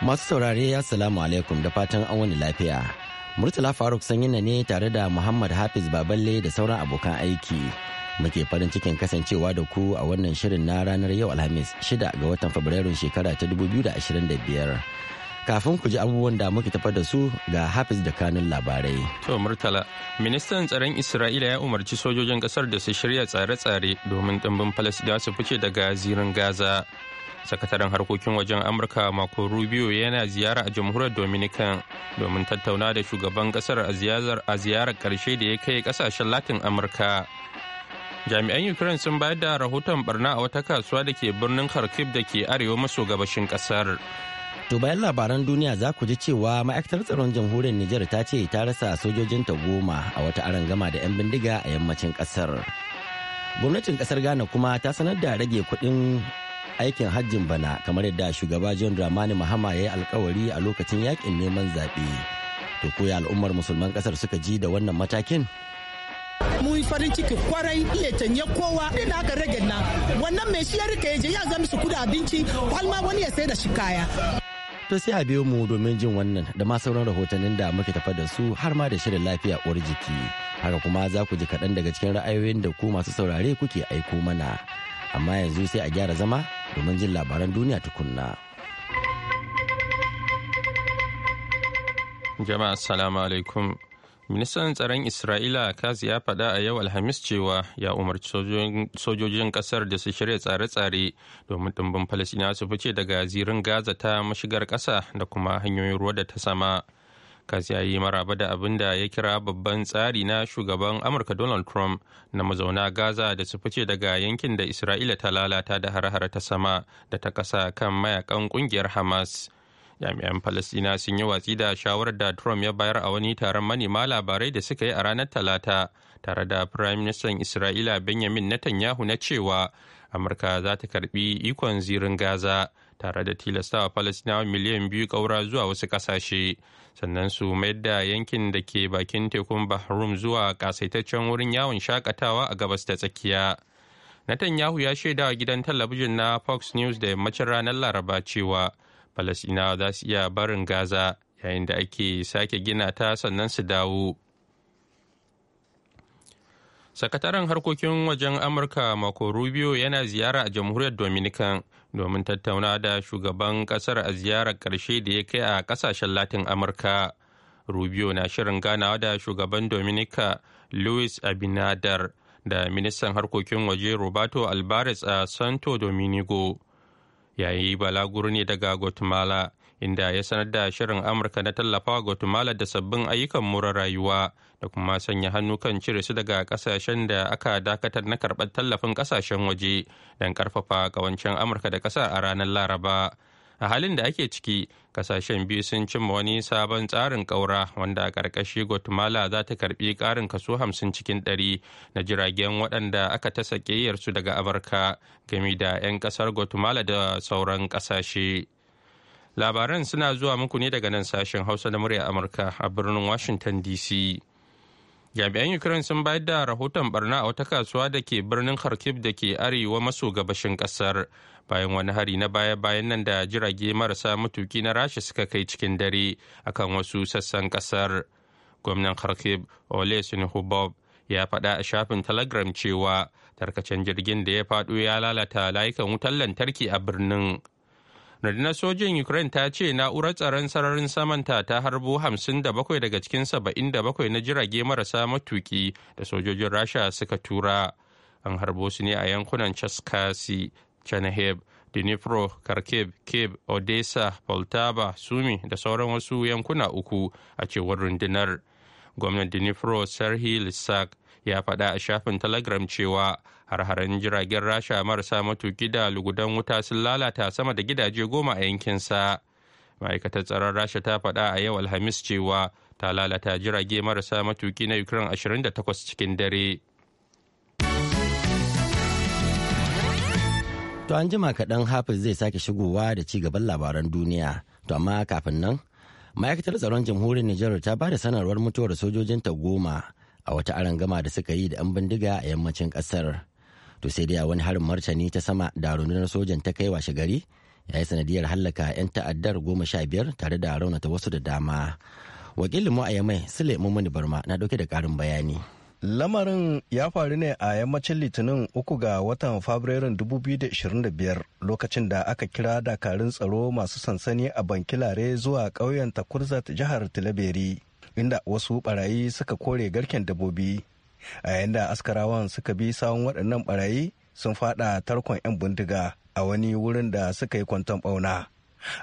Masu saurare salamu alaikum da fatan an wani lafiya. Murtala Faruk sanyina ne tare da Muhammad Hafiz Baballe da sauran abokan aiki. Muke farin cikin kasancewa da ku a wannan shirin na ranar yau Alhamis shida ga watan Fabrairun shekara ta 2025. Kafin ku ji abubuwan da muke tafa da su ga Hafiz da kanun labarai. To Murtala, ministan tsaron Isra'ila ya umarci sojojin kasar da su shirya tsare-tsare domin dimbin Falasɗinawa su fice daga zirin Gaza. sakataren harkokin wajen amurka mako rubio yana ziyara a jamhuriyar dominican domin tattauna da shugaban kasar a ziyarar karshe da ya kai kasashen latin amurka jami'an ukraine sun bayar da rahoton barna a wata kasuwa da ke birnin kharkiv da ke arewa maso gabashin kasar to bayan labaran duniya za ku ji cewa ma'aikatar tsaron jamhuriyar Nijar ta ce ta rasa sojojinta goma a wata arangama da 'yan bindiga a yammacin kasar gwamnatin kasar ghana kuma ta sanar da rage kuɗin aikin hajjin bana kamar yadda shugaba john dramani mahama ya yi alkawari a lokacin yakin neman zaɓe to koya al'ummar musulman ƙasar suka ji da wannan matakin mu yi farin ciki kwarai iya canye kowa ina aka rage na wannan mai shi ya rika yaje ya zama su kuda abinci kwalma wani ya sai da shi kaya to sai a biyo mu domin jin wannan da ma sauran rahotannin da muke tafa da su har ma da shirin lafiya uwar jiki haka kuma za ku ji kaɗan daga cikin ra'ayoyin da ku masu saurare kuke aiko mana amma yanzu sai a gyara zama domin jin labaran duniya tukunna. jama'a salamu alaikum ministan tsaron isra'ila kazi ya faɗa a yau alhamis cewa ya umarci sojojin ƙasar da su shirya tsare-tsare domin ɗumbin falasina su fice daga zirin gaza ta mashigar ƙasa da kuma hanyoyin ruwa da ta sama. kasi ya yi maraba da abin da ya kira babban tsari na shugaban Amurka Donald Trump na mazauna Gaza da su fice daga yankin da Isra'ila ta lalata da har-har ta sama da ta kasa kan mayakan kungiyar Hamas. Jami'an palestina sun yi watsi da shawarar da Trump ya bayar a wani taron manema labarai da suka yi a ranar Talata tare da Firayim Isra'ila Benjamin Netanyahu na cewa Amurka za ta karbi ikon zirin Gaza. tare da tilastawa Falasinawa miliyan biyu ƙaura zuwa wasu ƙasashe, sannan su mayar da yankin da ke bakin tekun Bahrum zuwa ƙasaitaccen wurin yawon shakatawa a gabas ta tsakiya. natanyahu ya shaida wa gidan talabijin na Fox News da yammacin ranar Laraba cewa Falasinawa za su iya barin Gaza yayin da ake sake gina ta sannan su dawo. Sakataren harkokin wajen Amurka Marco Rubio yana ziyara a jamhuriyar Dominican domin tattauna da shugaban kasar a ziyarar ƙarshe da ya kai a ƙasashen latin amurka rubio na shirin ganawa da shugaban dominica louis abinadar da ministan harkokin waje roberto alvarez a santo dominigo yayi balaguro ne daga guatemala inda ya sanar da shirin amurka na tallafawa guatemala da sabbin ayyukan mura rayuwa da kuma sanya hannu kan cire su daga kasashen da aka dakatar na karɓar tallafin kasashen waje don karfafa kawancin amurka da ƙasa a ranar laraba a halin da ake ciki kasashen biyu sun cimma wani sabon tsarin ƙaura wanda a ƙarƙashi guatemala za ta karɓi ƙarin kaso hamsin cikin ɗari na jiragen waɗanda aka ta su daga amurka gami da 'yan ƙasar guatemala da sauran ƙasashe labaran suna zuwa muku ne daga nan sashen hausa na murya amurka a birnin washington dc jami'an ukraine sun bayar da rahoton barna a wata kasuwa da ke birnin kharkiv da ke arewa maso gabashin kasar bayan wani hari na baya-bayan nan da jirage marasa matuki na rasha suka kai cikin dare akan wasu sassan kasar gwamnan kharkiv olesin hubob ya faɗa a shafin telegram cewa tarkacen jirgin da ya faɗo ya lalata layukan wutar lantarki a birnin rundunar sojin ukraine ta ce na'urar tsaron sararin samanta ta harbo 57 daga cikin 77 na jirage marasa matuki da sojojin rasha suka tura an harbo su ne a yankunan chaskasi chanahib dnipro kharkiv kiev odessa poltava sumi da sauran wasu yankuna uku a cewar rundunar gwamnan dinifro sarhi lissak ya faɗa a shafin telegram cewa harharen jiragen rasha marasa matuki da lugudan wuta sun lalata sama da gidaje goma a yankin sa ma'aikatar tsaron rasha ta faɗa a yau alhamis cewa ta lalata jirage marasa matuki na ukraine 28 cikin dare to an jima kaɗan hafiz zai sake shigowa da ci gaban labaran duniya to amma kafin nan ma'aikatar tsaron jamhuriyar nijar ta ba da sanarwar mutuwar sojojinta goma a wata arangama da suka yi da 'yan bindiga a yammacin kasar to sai dai wani harin martani ta sama da rundunar sojan ta kai shi gari ya yi sanadiyar hallaka 'yan ta'addar goma sha biyar tare da raunata wasu da dama wakilin mu a yamai sule mummuni barma na dauke da karin bayani Lamarin ya faru ne a yammacin Litinin uku ga watan Fabrairun 2025 lokacin da aka kira dakarun tsaro masu sansani a Bankilare zuwa ƙauyen Takurzat jihar Tilaberi, inda wasu barayi suka kore garken dabobi. A yayin da askarawan suka bi sawon waɗannan barayi sun fada tarkon 'yan bindiga a wani wurin da suka yi kwanton ɓauna.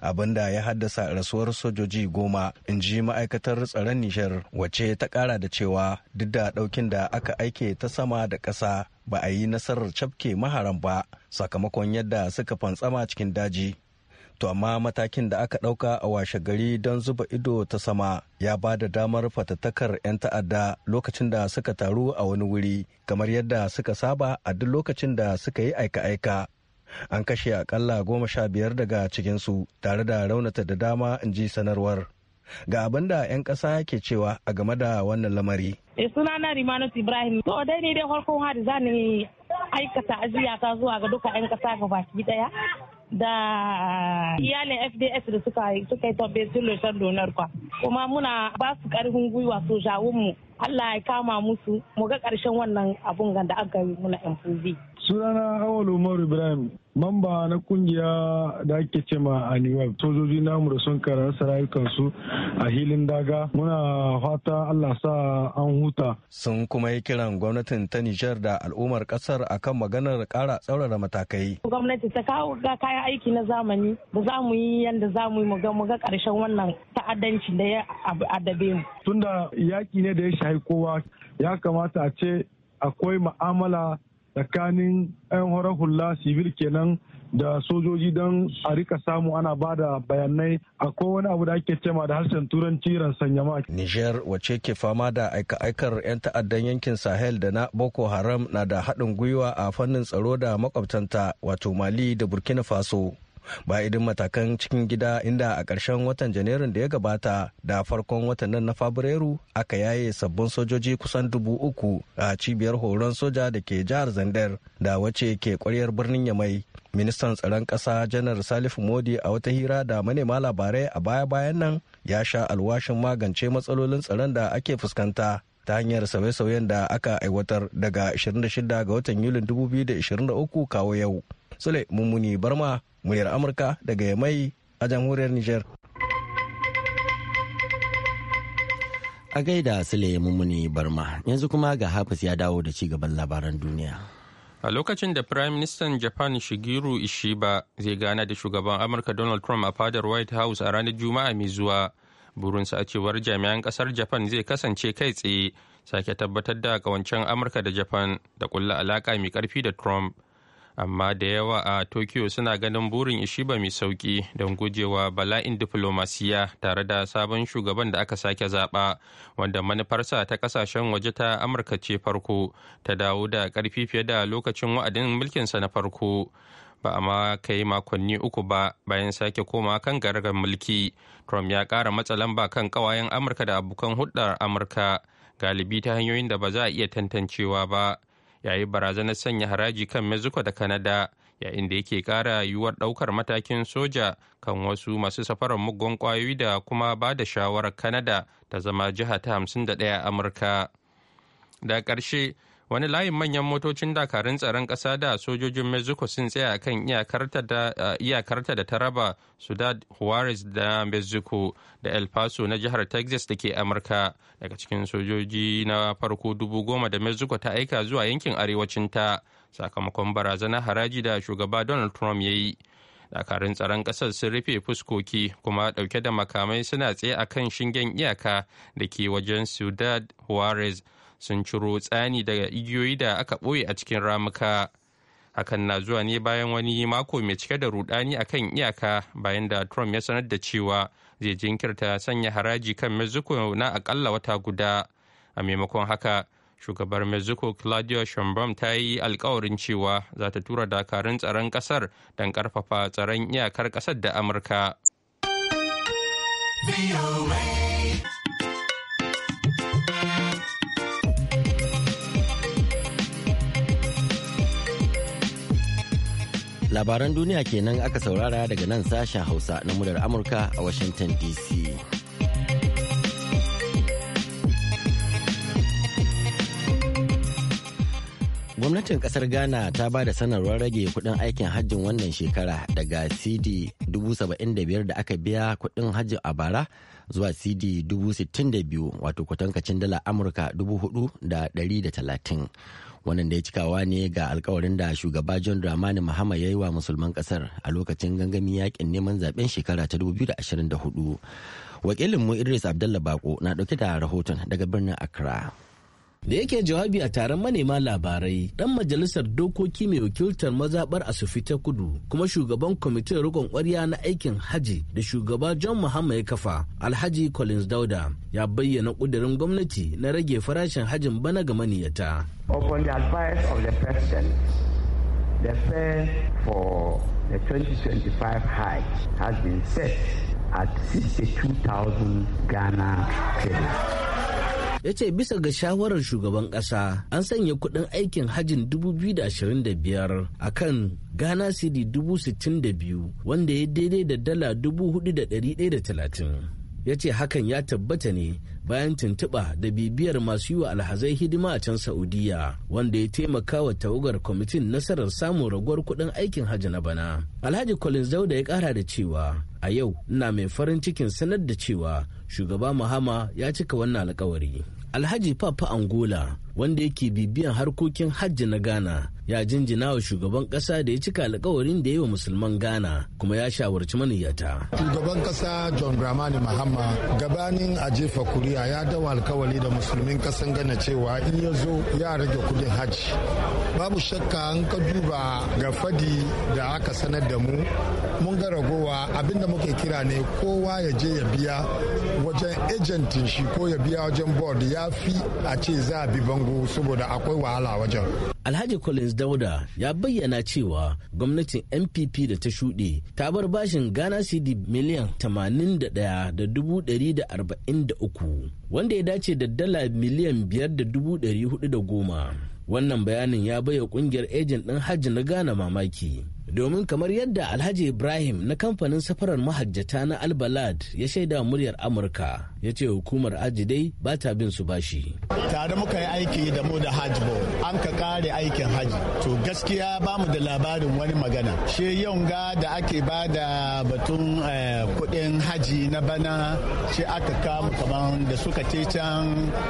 abinda ya haddasa rasuwar sojoji goma in ji ma'aikatar tsaron nishar wace ta kara da cewa duk da daukin da aka aike ta sama da ƙasa ba a yi nasarar cafke maharan ba sakamakon yadda suka fantsama cikin daji to amma matakin da aka ɗauka a washe gari don zuba ido ta sama ya ba da damar fatattakar 'yan ta'adda lokacin da suka taru a wani wuri kamar yadda suka saba a duk lokacin da suka yi aika-aika an kashe akalla goma sha biyar daga cikinsu tare da raunata da dama in ji sanarwar ga abin da 'yan ƙasa ke cewa a game da wannan lamari. E eh, suna na Rimanus Ibrahim. To dai ni dai farkon hari za aikata ajiya ta zuwa ga duka 'yan ƙasa ga baki ɗaya. Da iyalin FDS da suka yi suka yi tobe sun donar kwa. Kuma muna ba su karfin gwiwa so jawunmu. Allah ya kama musu mu ga ƙarshen wannan abun da aka yi muna MPV. sunana awal umar ibrahim mamba na kungiya da ake ce ma York. sojoji namu da sun kara karasa rayukansu a hilin daga muna fata allah sa an huta sun kuma yi kiran gwamnatin ta nijar da al'ummar kasar akan maganar kara tsaurara matakai gwamnati ta kawo ga kayan aiki na zamani da za mu yi yadda za mu yi mu ga karshen wannan ta'addanci da ya adabe mu tunda yaki ne da ya shahi kowa ya kamata a ce akwai ma'amala tsakanin 'yan horar hula civil kenan da sojoji don a rika samu ana ba da bayanai a wani abu da ake cema da harshen turanci ransanyama. Niger wace ke fama da aika-aikar 'yan ta'addan yankin Sahel da na Boko Haram na da haɗin gwiwa a fannin tsaro da makwabtanta wato Mali da Burkina Faso. Ba idan matakan cikin gida inda a ƙarshen watan janairun da ya gabata da farkon watan nan na fabrairu aka yaye sabbin sojoji kusan dubu uku a cibiyar horon soja da ke jihar zandar da wace ke ƙwaryar birnin yamai ministan tsaron ƙasa janar salifu modi a wata hira da manema labarai a baya-bayan nan ya sha alwashin magance matsalolin tsaron da ake fuskanta ta hanyar sauye-sauyen da aka aiwatar daga 26 ga watan yulin 2023 kawo yau Sule Mummuni Barma, muryar Amurka daga Yamai a jamhuriyar Nijar. A gaida Sule Mummuni Barma, yanzu kuma ga Hafiz ya dawo da cigaban labaran duniya. A lokacin da Prime Minister Japan Shigeru Ishiba zai gana da shugaban Amurka Donald Trump a fadar White House a ranar Juma'a mai zuwa, burinsa a cewar jami'an kasar Japan zai kasance kai tsaye sake tabbatar da kawancen Amurka da Japan da kulla alaka mai karfi da Trump. amma da yawa a tokyo suna ganin burin ishiba mai sauki don gujewa bala'in diflomasiya tare da sabon shugaban da aka sake zaba wanda manufarsa ta kasashen waje ta amurka ce farko ta dawo da karfi fiye da lokacin wa'adin mulkinsa na farko ba a ma kai makonni uku ba bayan sake koma kan garagar mulki trump ya kara matsa lamba kan kawayen amurka da abokan hulɗar amurka galibi ta hanyoyin da ba za a iya tantancewa ba yayi yi barazanar sanya haraji kan mexico da canada yayin da yake kara yiwuwar daukar matakin soja kan wasu masu safarar muggan kwayoyi da kuma ba da shawarar canada ta zama jiha ta 51 amurka da ƙarshe wani layin manyan motocin dakarun tsaron ƙasa da sojojin mexico sun tsaya kan eh, iyakarta da ta raba sudad juarez da mexico da el paso na jihar texas da ke amurka daga cikin sojoji na farko dubu goma da mexico ta aika zuwa yankin arewacin ta sakamakon barazanar haraji da shugaba donald trump ya yi dakarun tsaron ƙasar sun rufe fuskoki kuma ɗauke da makamai suna tsaye akan shingen iyaka da ke wajen sudad juarez sun ciro tsani daga igiyoyi da aka ɓoye a cikin ramuka hakan na zuwa ne bayan wani mako mai cike da rudani akan iyaka bayan da trump ya sanar da cewa zai jinkirta sanya haraji kan mexico na akalla wata guda a maimakon haka shugabar mexico claudia sheinbaum ta yi alkawarin cewa za ta tura dakarun tsaron kasar don karfafa tsaron iyakar kasar da amurka. labaran duniya kenan aka saurara daga nan sashen hausa na mudar amurka a washington dc gwamnatin kasar ghana ta ba da sanarwar rage kudin aikin hajjin wannan shekara daga cd 75,000 da aka biya kudin hajjin a bara zuwa cd 62,000 wato kwatankacin dala amurka 4,130 wannan da ya cikawa ne ga alkawarin da shugaba john dramani mahama ya yi wa musulman kasar a lokacin gangamin yakin neman zaben shekara ta 2024 wakilin mu idris abdullah bako na dauke da rahoton daga birnin accra da yake jawabi a taron manema labarai ɗan majalisar dokoki mai wakiltar mazabar asufi ta kudu kuma shugaban kwamitin rikon ƙwarya na aikin haji da shugaba john muhammad ya kafa alhaji collins dauda ya bayyana ƙudurin gwamnati na rage farashin hajin bana ga maniyata upon the advice of the president the fare for the 2025 hajj has been set at 62,000 ghana cedis ya ce bisa ga shawarar shugaban ƙasa an sanya kuɗin aikin hajjin 2025 a kan ghana cedi 62,000 wanda ya daidai da dala 4,130 ya ce hakan ya tabbata ne bayan tuntuɓa da bibiyar masu yi wa alhazai hidima a can saudiya wanda ya taimaka wa tawagar kwamitin nasarar samun raguwar kuɗin aikin hajji na bana alhaji collins zauda ya ƙara da cewa a yau na mai farin cikin sanar da cewa shugaba mahama ya cika wannan alkawari alhaji papa angola wanda yake bibiyan harkokin hajji na ghana ya jinjina wa shugaban kasa da ya cika alkawarin da ya yi wa musulman ghana kuma ya shawarci maniyyata shugaban kasa john dramani mahama gabanin a jefa Kuriya ya dawa alkawari da musulmin kasan ghana cewa in ya zo ya rage kudin hajji babu shakka an ka duba ga fadi da aka sanar da mu mun ga ragowa abinda muke kira ne kowa ya je ya biya wajen ejentin shi ko ya biya wajen board ya fi a ce za a bi bango bugu saboda akwai wahala wajen. Alhaji Collins Dauda ya bayyana cewa gwamnatin NPP da ta shuɗe ta bar bashin Ghana CD miliyan 81,143 wanda ya dace da dala miliyan 5,410. Wannan bayanin ya baya kungiyar ejin ɗin hajji na Ghana mamaki. domin kamar yadda alhaji ibrahim na kamfanin safarar mahajjata na albalad ya shaida muryar amurka ya ce hukumar ajidai ba ta bin su bashi tare muka yi aiki da mu da hajji an ka kare aikin hajji to gaskiya ba mu da labarin wani magana she yau ga da ake ba da batun eh, kudin hajji na bana she aka kama kamar da suka ce can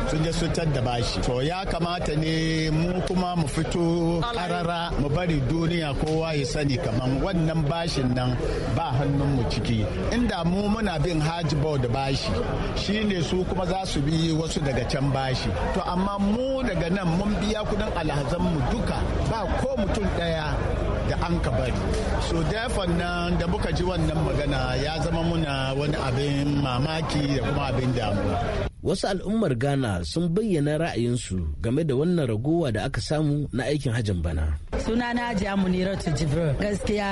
sun je sutar da bashi to ya kamata ne mu kuma mu fito karara mu bari duniya kowa ya sani sani kaman wannan bashin nan ba hannunmu ciki inda mu muna bin haji da bashi shi ne su kuma za su bi wasu daga can bashi to amma mu daga nan mun biya kudin alhazanmu duka ba ko mutum ɗaya da an ka bari so therefore nan da muka ji wannan magana ya zama muna wani abin mamaki da kuma abin damuwa wasu al'ummar ghana sun bayyana ra'ayinsu game da wannan ragowa da aka samu na aikin hajjin bana sunana hajiya muniratu jibril gaskiya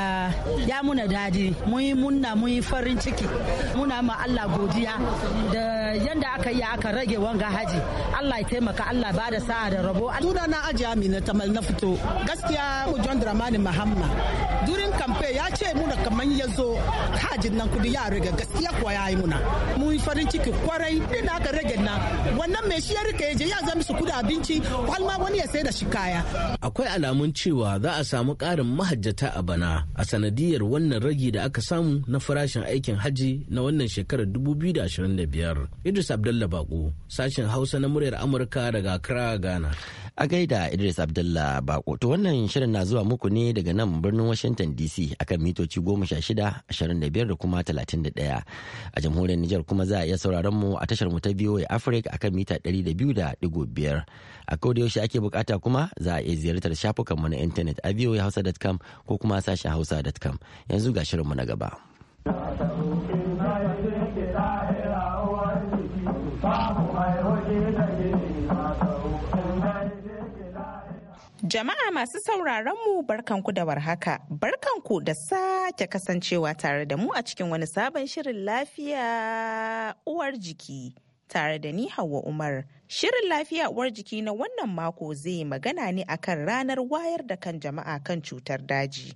ya muna dadi muyi munna mun yi farin ciki muna ma allah godiya da yanda aka yi aka rage wanga haji allah ya taimaka allah ba da sa'a da rabo sunana hajiya amina tamal na fito gaskiya john dramani mahamma durin kamfe ya ce muna kamar ya zo hajin nan kudi ya riga gaskiya kuwa ya yi muna mun farin ciki kwarai da rage na wannan mai shi ya rika yaje ya zama su kuda abinci kwalma wani ya sai da shi kaya akwai alamun cewa za a samu ƙarin mahajjata a bana a sanadiyar wannan ragi da aka samu na farashin aikin hajji na wannan shekarar 2025 Idris Abdullah Bako sashen Hausa na muryar Amurka daga Accra Ghana A gaida Idris Abdullah Bako. To wannan shirin na zuwa muku ne daga nan birnin Washington DC akan mitoci goma sha da biyar da kuma talatin ɗaya. A jamhuriyar Nijar kuma za a iya sauraron mu a tashar mu ta VOA Africa akan mita ɗari da biyu da biyar. A koda yaushe ake bukata kuma za a iya ziyartar shafukan mu na intanet a voahausa.com ko kuma sashen hausa.com. Yanzu ga shirin mu na gaba. Jama'a masu sauraronmu mu barkanku da warhaka, barkanku da sake kasancewa tare da mu a cikin wani sabon shirin lafiya uwar jiki. Tare da ni Hauwa Umar, shirin lafiya uwar jiki na wannan mako zai magana ne akan ranar wayar da kan jama'a kan cutar daji.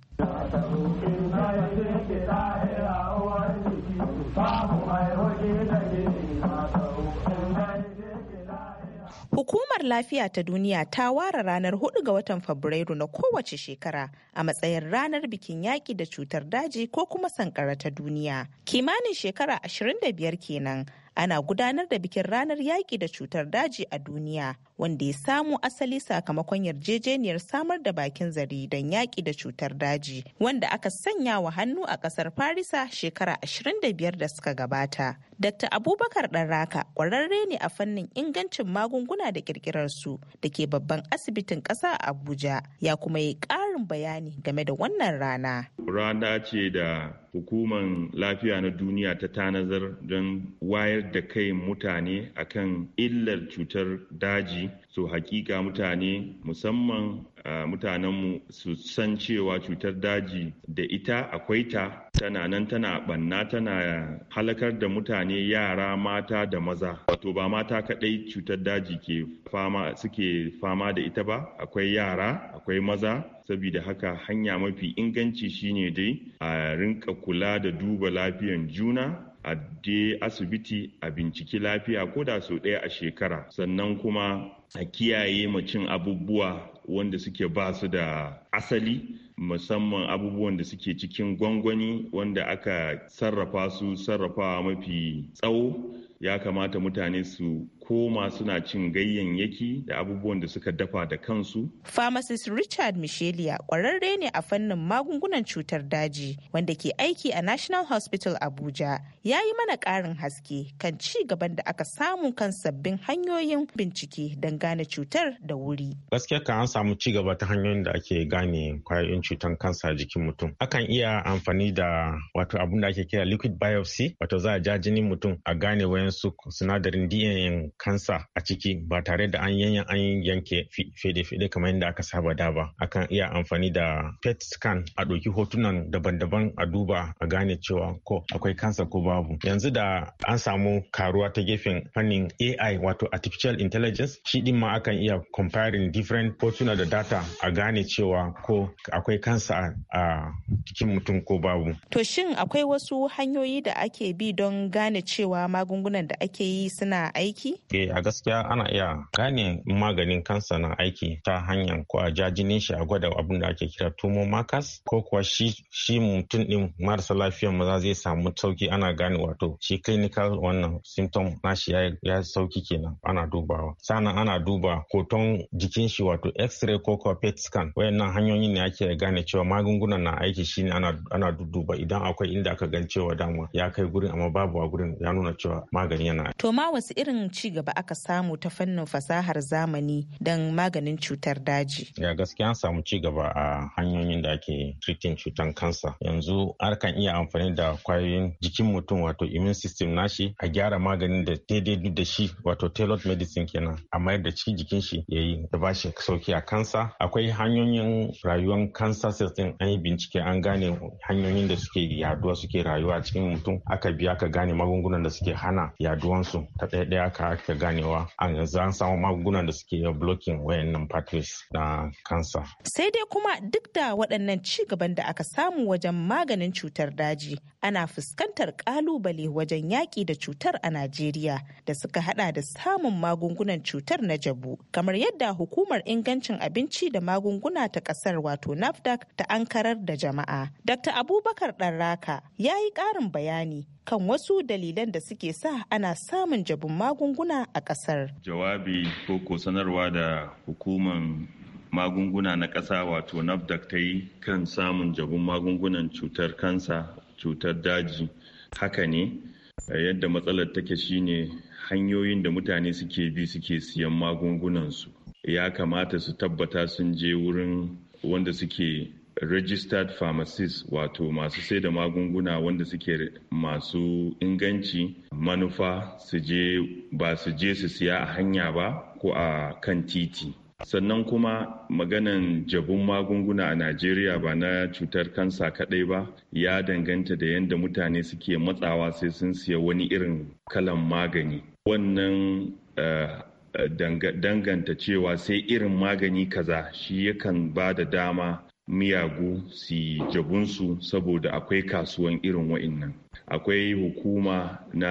Hukumar Lafiya ta Duniya ta ware ranar 4 ga watan Fabrairu na kowace shekara a matsayin ranar bikin yaƙi da cutar daji ko kuma sankara ta duniya. Kimanin shekara 25 kenan ana gudanar da bikin ranar yaƙi da cutar daji a duniya wanda ya samu asali sakamakon yarjejeniyar samar da bakin zari don yaƙi da cutar daji wanda aka sanya wa hannu a ƙasar farisa shekara 25 da suka gabata dr abubakar ɗanraka ƙwararre ne a fannin ingancin magunguna da ƙirƙirarsu da ke babban asibitin ƙasa a abuja ya kuma yi ƙarin bayani game da wannan rana. Rana ce da hukuman lafiya na duniya ta tanazar don wayar da kai mutane akan illar cutar daji so hakika mutane musamman mutanenmu su san cewa cutar daji da ita akwai ta tana nan tana banna tana halakar da mutane yara mata da maza wato ba mata kadai cutar daji ke fama suke fama da ita ba akwai yara akwai maza saboda haka hanya mafi inganci shine dai a rinka kula da duba lafiyan juna a je asibiti a binciki lafiya ko da sau ɗaya a shekara sannan kuma a kiyaye mucin abubuwa wanda suke ba su da asali musamman abubuwan da suke cikin gwangwani wanda aka sarrafa su sarrafa mafi tsawo ya kamata mutane su koma suna cin ganyayyaki da abubuwan da suka dafa da kansu. Pharmacist Richard Michelia kwararre ne a fannin magungunan cutar daji wanda ke aiki a National Hospital Abuja ya yi mana ƙarin haske kan ci gaban da aka samu kan sabbin hanyoyin bincike don gane cutar da wuri. Gaskiya kan an samu ci gaba ta hanyoyin da ake gane kwayoyin cutar kansa a jikin mutum. Akan iya amfani da wato abin da ake kira liquid biopsy wato za a ja jinin mutum a gane wayansu sinadarin DNA kansa a ciki ba tare da an yanyan an yanke fede-fede kamar yadda aka saba da ba akan iya amfani da pet scan a ɗauki hotunan daban-daban a duba a gane cewa ko akwai kansa ko babu yanzu da an samu karuwa ta gefen fannin ai wato artificial intelligence shi din ma akan iya comparing different hotuna da data a gane cewa ko akwai kansa a cikin mutum ko babu to shin akwai wasu hanyoyi da ake bi don gane cewa magungunan da ake yi suna aiki ke eh, a gaskiya ana iya gane maganin kansa na aiki ta hanyar ko a jajinin shi a gwada abin da ake kira tumor makas? ko kuwa shi mutum din marasa lafiyar maza zai samu sauki ana gane wato shi clinical wannan symptom nashi ya, ya sauki kenan ana dubawa sannan ana duba hoton jikin shi wato x-ray ko kuwa pet scan wayannan hanyoyin ne ake gane cewa magungunan na aiki shine ana ana dudduba idan akwai inda aka gan cewa dama ya kai gurin amma babu a gurin ya nuna cewa magani yana to ma wasu irin ci gaba aka samu ta fannin fasahar zamani don maganin cutar daji. Ya gaskiya an samu ci gaba a hanyoyin da ake treating cutar kansa. Yanzu harkan iya amfani da kwayoyin jikin mutum wato immune system nashi a gyara maganin da daidai da shi wato tailored medicine kenan a mayar da cikin jikin shi ya yi da bashi sauki a kansa. Akwai hanyoyin rayuwar kansa cells din an yi bincike an gane hanyoyin da suke yaduwa suke rayuwa a cikin mutum aka biya ka gane magungunan da suke hana yaduwansu ta ɗaya ɗaya ka iya ganewa a yanzu an samu magungunan da suke iya blocking wayannan pathways na kansa. Sai dai kuma duk da waɗannan ci gaban da aka samu wajen maganin cutar daji ana fuskantar ƙalubale wajen yaƙi da cutar a Najeriya da suka hada da samun magungunan cutar na jabu kamar yadda hukumar ingancin abinci da magunguna ta ƙasar wato NAFDAC ta ankarar da jama'a. Dr. Abubakar Ɗanraka ya yi ƙarin bayani kan wasu dalilan da suke sa ana samun jabin magunguna a ƙasar. Jawabi ko ko sanarwa da hukuman magunguna na ƙasa wato NAFDAC ta yi kan samun jabin magungunan cutar kansa, cutar daji. Haka ne, yadda matsalar take shine hanyoyin da mutane suke bi suke siyan magungunansu. Ya kamata su tabbata sun je wurin wanda suke registered pharmacists wato masu sai da magunguna wanda suke masu inganci manufa su je ba su je su siya a hanya ba ko a kan titi sannan kuma maganan jabun magunguna a najeriya ba na cutar kansa kadai ba ya danganta da yadda mutane suke matsawa sai sun siya wani irin kalan magani wannan eh, danganta cewa sai irin magani kaza shi yakan ba da dama miyagu su jabunsu saboda akwai kasuwan irin wa'innan akwai hukuma na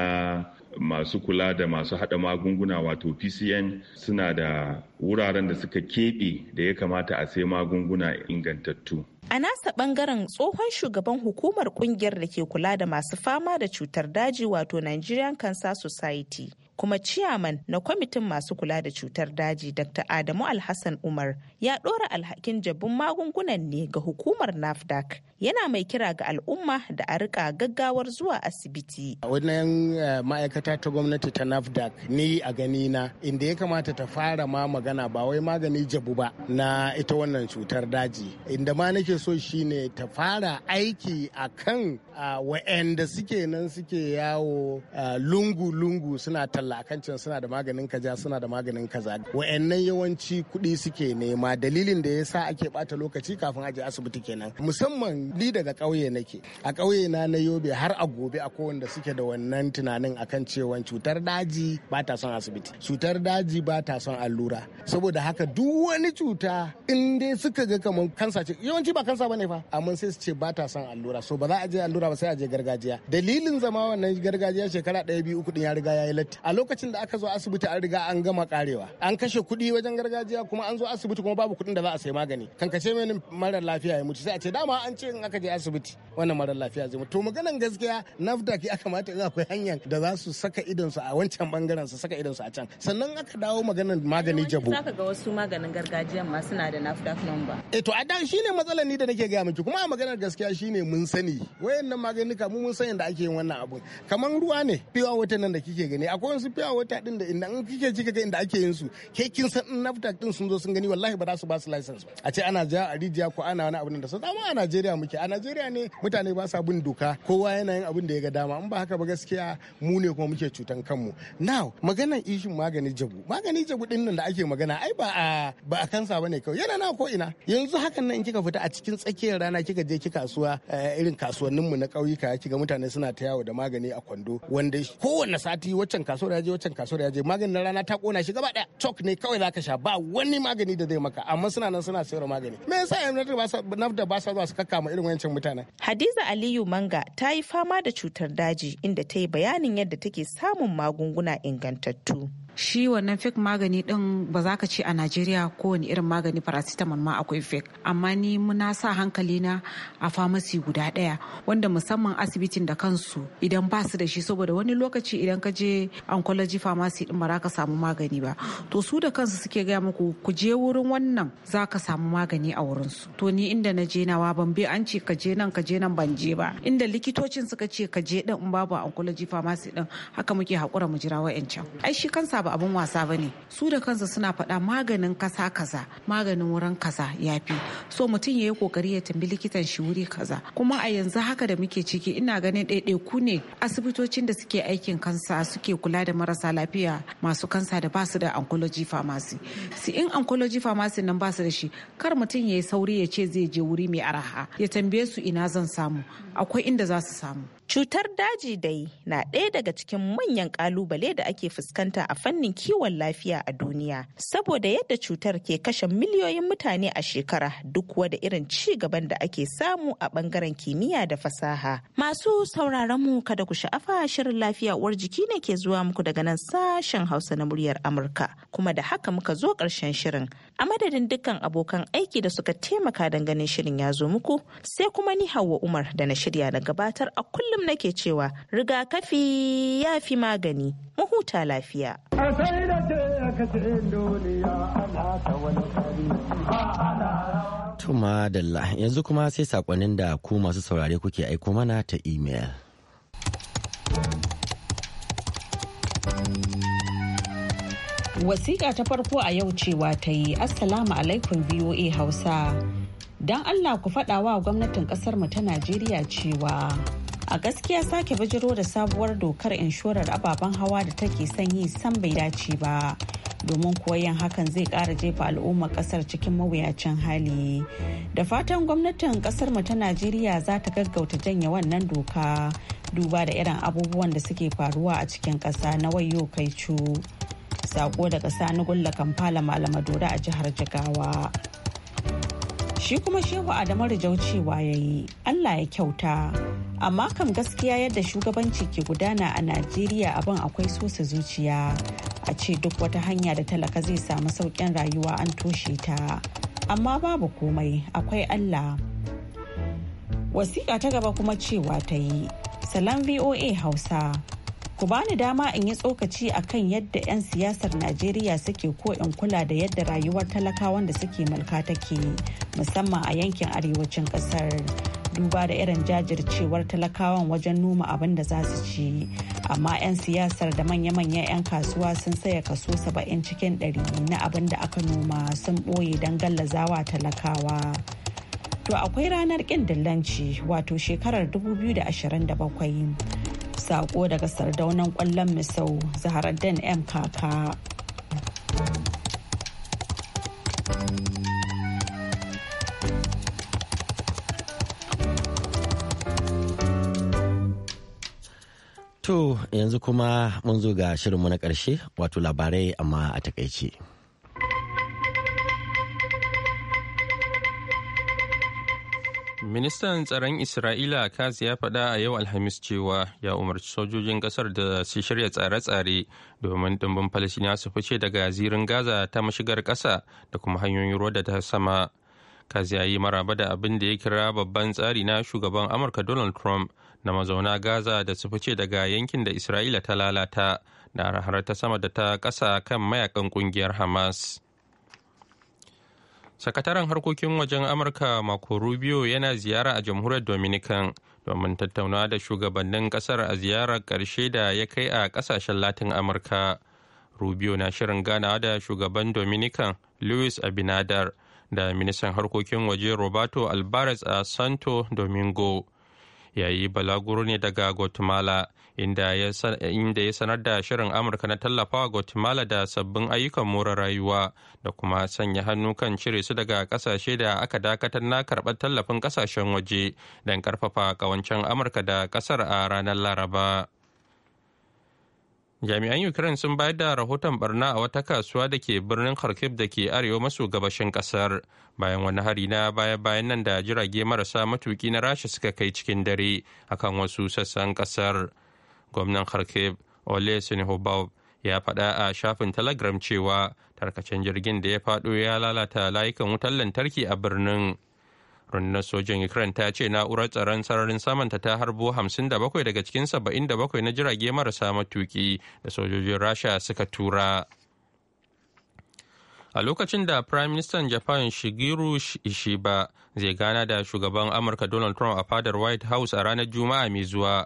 masu kula da masu hada magunguna wato pcn suna da wuraren da suka keɓe da ya kamata a sai magunguna ingantattu a nasa bangaren tsohon shugaban hukumar kungiyar da ke kula da masu fama da cutar daji wato nigerian cancer society kuma ciyaman na kwamitin masu kula da cutar daji Dr. Adamu Alhassan Umar ya ɗora alhakin jabin magungunan ne ga hukumar NAFDAC. Yana mai kira ga al'umma da a rika gaggawar zuwa asibiti. Wannan eh, ma'aikata ta gwamnati ta NAFDAC ni a gani na inda ya kamata ta fara ma magana ba wai magani jabu ba na ita wannan cutar daji. Inda ma nake so shine ta fara aiki a kan ah, wa'anda suke nan suke yawo ah, lungu-lungu suna tal talla kan can suna da maganin kaza suna da maganin kaza wayannan yawanci kuɗi suke nema dalilin da yasa ake bata lokaci kafin aje asibiti kenan musamman ni daga ƙauye nake a ƙauye na na yobe har a gobe a wanda suke da wannan tunanin akan cewa cutar daji ba ta son asibiti cutar daji ba ta son allura saboda haka duk wani cuta in dai suka ga kamar kansa ce yawanci ba kansa bane fa amma sai su ce ba ta son allura so ba za a je allura ba sai a je gargajiya dalilin zama wannan gargajiya shekara ɗaya biyu uku din ya riga ya yi latti a lokacin da aka zo asibiti an riga an gama karewa an kashe kuɗi wajen gargajiya kuma an zo asibiti kuma babu kuɗin da za a sayi magani kankace mai marar lafiya ya mutu sai a ce dama an ce in aka je asibiti wannan marar lafiya zai mutu to maganan gaskiya nafdak ya kamata in akwai hanyar da za su saka idon su a wancan bangaren su saka idon su a can sannan aka dawo maganan magani jabo zaka ga wasu maganin gargajiyan ma suna da nafdak number eh to a dan shine matsalar ni da nake ga miki kuma a maganar gaskiya shine mun sani wayannan maganin mu mun san yadda ake yin wannan abun kamar ruwa ne biwa wata nan da kike gani akwai wasu su fiya wata din da inda an kike ji kaga inda ake yin su ke kin san din naftak din sun zo sun gani wallahi ba za su ba su license ba a ce ana ja a rijiya ko ana wani abin da su dama a Najeriya muke a Najeriya ne mutane ba sa bin doka kowa yana yin abin da ya ga dama in ba haka ba gaskiya mu ne kuma muke cutan kanmu now maganar ishin magani jabu magani jabu din nan da ake magana ai ba a ba a kansa bane kawai yana na ko ina yanzu hakan nan kika fita a cikin tsakiyar rana kika je ki kasuwa eh, irin kasuwannin mu na kauyuka kika mutane suna ta yawo da magani a kwando wanda kowanne sati waccan kasuwa kasuwar ya je wancan kasuwar ya je maganin na rana ta kona shi gaba daya chalk ne kawai zaka sha ba wani magani da zai maka amma suna nan suna sayar magani me yasa nafda ba sa zuwa su kakkama irin wancan mutanen hadiza aliyu manga ta yi fama da cutar daji inda ta yi bayanin yadda take samun magunguna ingantattu shi wannan fake magani din ba za ka ce a najeriya kowane irin magani paracetamol ma akwai fake amma ni muna sa hankali na a famasi guda daya wanda musamman asibitin da kansu idan ba su da shi saboda wani lokaci idan ka je oncology pharmacy din ba za ka samu magani ba to su da kansu suke gaya muku ku je wurin wannan za ka samu magani a wurin su to ni inda na je nawa ban bi an ce ka je nan ka je nan ban je ba inda likitocin suka ce ka je din in babu oncology pharmacy din haka muke hakura mu jira wa'ancan ai shi kansa ba abin wasa ba ne su da kansu suna faɗa maganin kasa kaza maganin wurin kaza ya fi so mutum ya yi kokari ya tambi likitan shi wuri kaza kuma a yanzu haka da muke ciki ina ganin ɗaiɗaiku ne asibitocin da suke aikin kansa suke kula da marasa lafiya masu kansa da basu da oncology pharmacy si in oncology pharmacy nan basu da shi kar mutum ya yi sauri ya ce zai je wuri mai araha ya tambaye su ina zan samu akwai inda za su samu cutar daji dai na ɗaya daga cikin manyan ƙalubale da ake fuskanta a fannin kiwon lafiya a duniya saboda yadda cutar ke kashe miliyoyin mutane a shekara duk wada irin ci gaban da ake samu a bangaren kimiyya da fasaha. Masu sauraron mu kada ku sha'afa shirin lafiya uwar jiki ne ke zuwa muku daga nan sashen Hausa na muryar Amurka kuma da haka muka zo karshen shirin. A madadin dukkan abokan aiki da suka taimaka don ganin shirin ya zo muku sai kuma ni Hauwa Umar da na shirya na gabatar a kullum nake cewa rigakafi ya fi magani mu huta lafiya. Tuma Dalla yanzu kuma sai saƙonnin da ku masu saurare kuke aiko mana ta imel. Wasiƙa ta farko a yau cewa ta yi Assalamu alaikum VOA Hausa. Don Allah ku faɗawa gwamnatin ƙasarmu ta Najeriya cewa a gaskiya sake bijiro da sabuwar dokar inshorar ababen hawa da take son yi san bai dace ba domin koyan hakan zai kara jefa al'ummar kasar cikin mawuyacin hali da fatan gwamnatin kasar mu ta najeriya za ta gaggauta janye wannan doka duba da irin abubuwan da suke faruwa a cikin kasa na wayo kai sako daga sani gulla kampala malama dora a jihar jigawa shi kuma shehu adamu rijau cewa ya yi allah ya kyauta amma kam gaskiya yadda shugabanci ke gudana a najeriya abin akwai sosa zuciya a ce duk wata hanya da talaka zai samu sauƙin rayuwa an toshe ta amma babu komai akwai allah wasiƙa ta gaba kuma cewa ta yi salam voa hausa ku bani dama in yi tsokaci a kan yadda 'yan siyasar najeriya suke ko in kula da yadda rayuwar talakawan da suke mulka take musamman a yankin arewacin kasar duba da irin jajircewar talakawan wajen noma abin da za su ci amma 'yan siyasar da manya-manyan 'yan kasuwa sun saya kaso 70 cikin 100 na abin da aka noma sun ɓoye don gallazawa talakawa to akwai ranar ƙin dillanci wato shekarar 2027 sako daga sardaunan kwallon misau zaharaddin m kaka To yanzu kuma mun zo ga shirinmu na ƙarshe wato labarai amma a takaice. Ministan tsaron Isra'ila Kaz ya faɗa a yau Alhamis cewa ya umarci sojojin ƙasar da su shirya tsare-tsare domin ɗimbin Falasina su fice daga zirin Gaza ta mashigar ƙasa da kuma hanyoyin ruwa da ta sama. Kaz ya yi maraba da abin da ya kira babban tsari na shugaban Amurka Donald Trump na mazauna Gaza da su fice daga yankin da Isra'ila ta lalata da har ta sama da ta ƙasa kan mayakan ƙungiyar Hamas. Sakataren harkokin wajen Amurka mako Rubio yana ziyara a jamhuriyar Dominican domin tattaunawa da shugabannin ƙasar a ziyarar ƙarshe da ya kai a ƙasashen Latin Amurka. Rubio na shirin ganawa da shugaban Dominican Luis Abinadar da ministan harkokin waje Roberto albares a Santo Domingo. ya yi balaguro ne daga guatemala inda ya sanar da shirin amurka na tallafawa guatemala da sabbin ayyukan more rayuwa da kuma sanya hannu kan cire su daga kasashe da aka dakatar na karɓar tallafin kasashen waje don karfafa kawancen amurka da kasar a ranar laraba jami'an ukraine sun bayar da rahoton barna a wata kasuwa da ke birnin kharkiv da ke arewa maso gabashin kasar bayan wani hari na baya-bayan nan da jirage marasa matuki na rasha suka kai cikin dare akan wasu sassan kasar gwamnan kharkiv ole sinihobov ya faɗa a shafin telegram cewa tarkacen jirgin da ya faɗo ya lalata layukan wutar lantarki a birnin rundunar sojin ukraine ta ce na'urar tsaron sararin samanta ta harbo 57 daga cikin 77 na jirage marasa matuki da sojojin rasha suka tura a lokacin da prime minister japan shigeru ishiba zai gana da shugaban amurka donald trump a fadar white house a ranar juma'a mai zuwa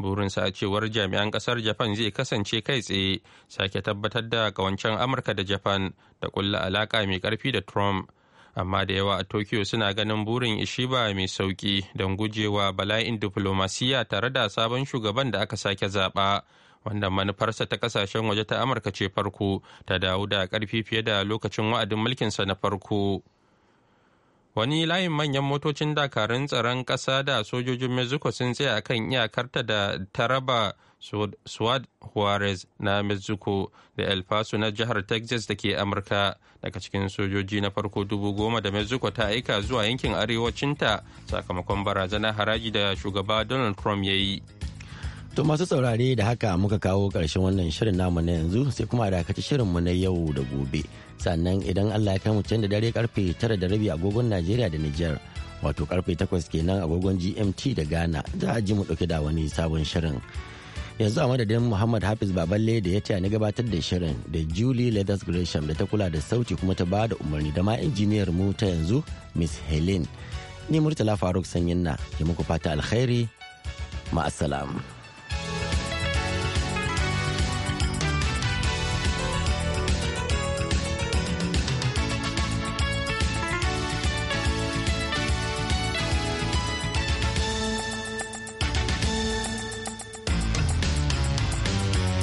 burinsa a cewar jami'an kasar japan zai kasance kai tsaye sake tabbatar da kawancen amurka da japan da kulla alaka mai karfi da trump amma da yawa a tokyo suna ganin burin ishiba mai sauki don gujewa bala'in diflomasiyya tare da sabon shugaban da aka sake zaɓa wanda manufarsa ta kasashen waje ta amurka ce farko ta dawo da ƙarfi fiye da lokacin wa'adin mulkinsa na farko wani layin manyan motocin dakarun tsaron ƙasa da sojojin mexico sun tsaya akan iyakarta da ta raba swad juarez na mexico da el paso na jihar texas da ke amurka daga cikin sojoji na farko dubu goma da mexico ta aika zuwa yankin arewacinta sakamakon barazanar haraji da shugaba donald trump ya yi To masu saurare da haka muka kawo ƙarshen wannan shirin namu na yanzu sai kuma da shirin mu na yau da gobe. Sannan idan Allah ya kamu can da dare karfe tara da rabi agogon Najeriya da Nijar wato karfe takwas kenan agogon GMT da Ghana za a ji mu ɗauke da wani sabon shirin. yanzu a madadin muhammad hafiz baballe da ya taya ni gabatar da shirin da julie leathers gresham da ta kula da sauti kuma ta ba da umarni da ma injiniyar mu ta yanzu miss helen ni murtala faruk sanyin na ke muku fata alkhairi ma'asalam.